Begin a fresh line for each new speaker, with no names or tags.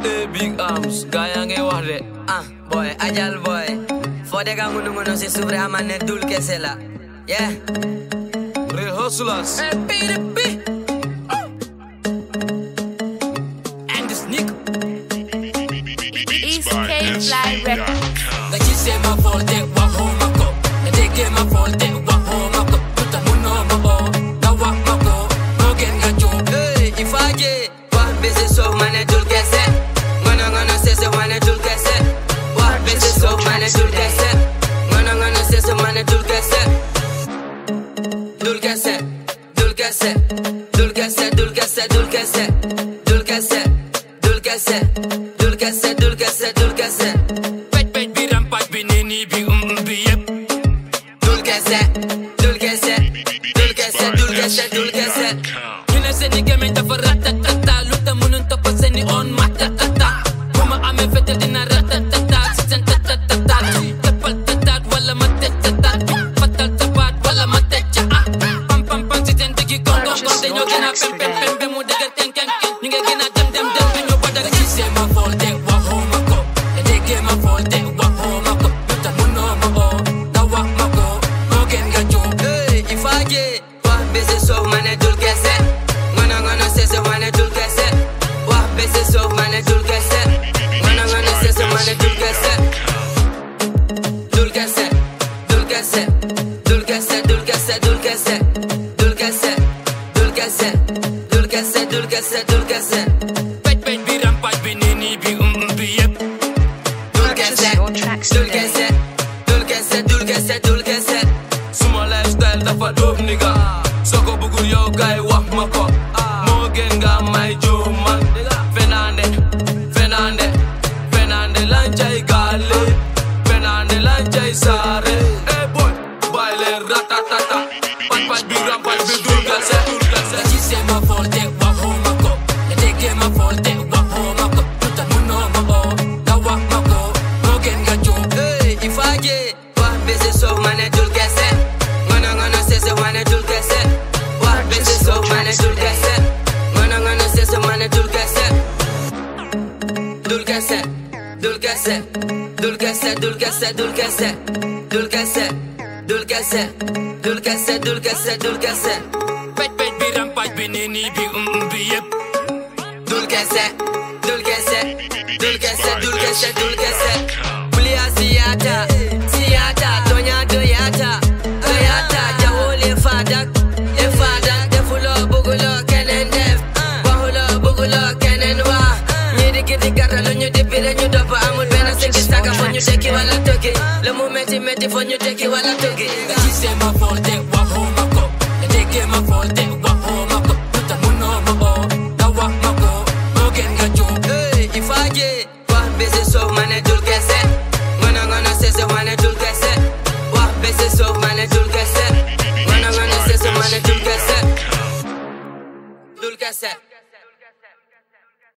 Hey, big arms, gayange wahre. Ah, boy, ajal boy. Fode ka ngunu ngunu si Subrahman ne dul kesela. Yeah. Real hustlers. Hey, Dülgese, dülgese, dülgese, dülgese, dülgese, dülgese, dülgese, dülgese, dülgese, dülgese. Pet pet bir rampat bineni bir um bir yep. Dülgese, dülgese,
dülgese, dülgese, dülgese. Yine seni gemen
dulce, dulce, dulce, dulce, dulce dulcasen dulcasen dulcasen dulcasen pet pet bi rampas bi nini bi um um bi yep dulcasen dulcasen dulcasen dulcasen dulcasen suma lifestyle dafa doof nigga soko bugul yow gaay wax ma ko moo gën nga may juum man
fenande fenande fenande lancay gaale fenande lancay sa
dul कैसे dul कैसे dul कैसे dul कैसे dul कैसे dul कैसे dul कैसे dul कैसे dul कैसे dul कैसे पेट पेट भी रंग पाँच भी नीनी भी उम उम भी ये dul कैसे dul कैसे dul कैसे dul कैसे dul कैसे पुलिया सियादा you shake it while I tug it. The moment you make it fun, you take it while I tug it. she say my phone, take what home my go. Now take it my phone, take what home my go. Put the moon on my ball, now walk my go. Go get my job. Hey, if I get what busy so man, I do get set. When I'm gonna say so man, I do get set. What busy so man, I do get set. When I'm gonna say so man, I do get set. Do get set.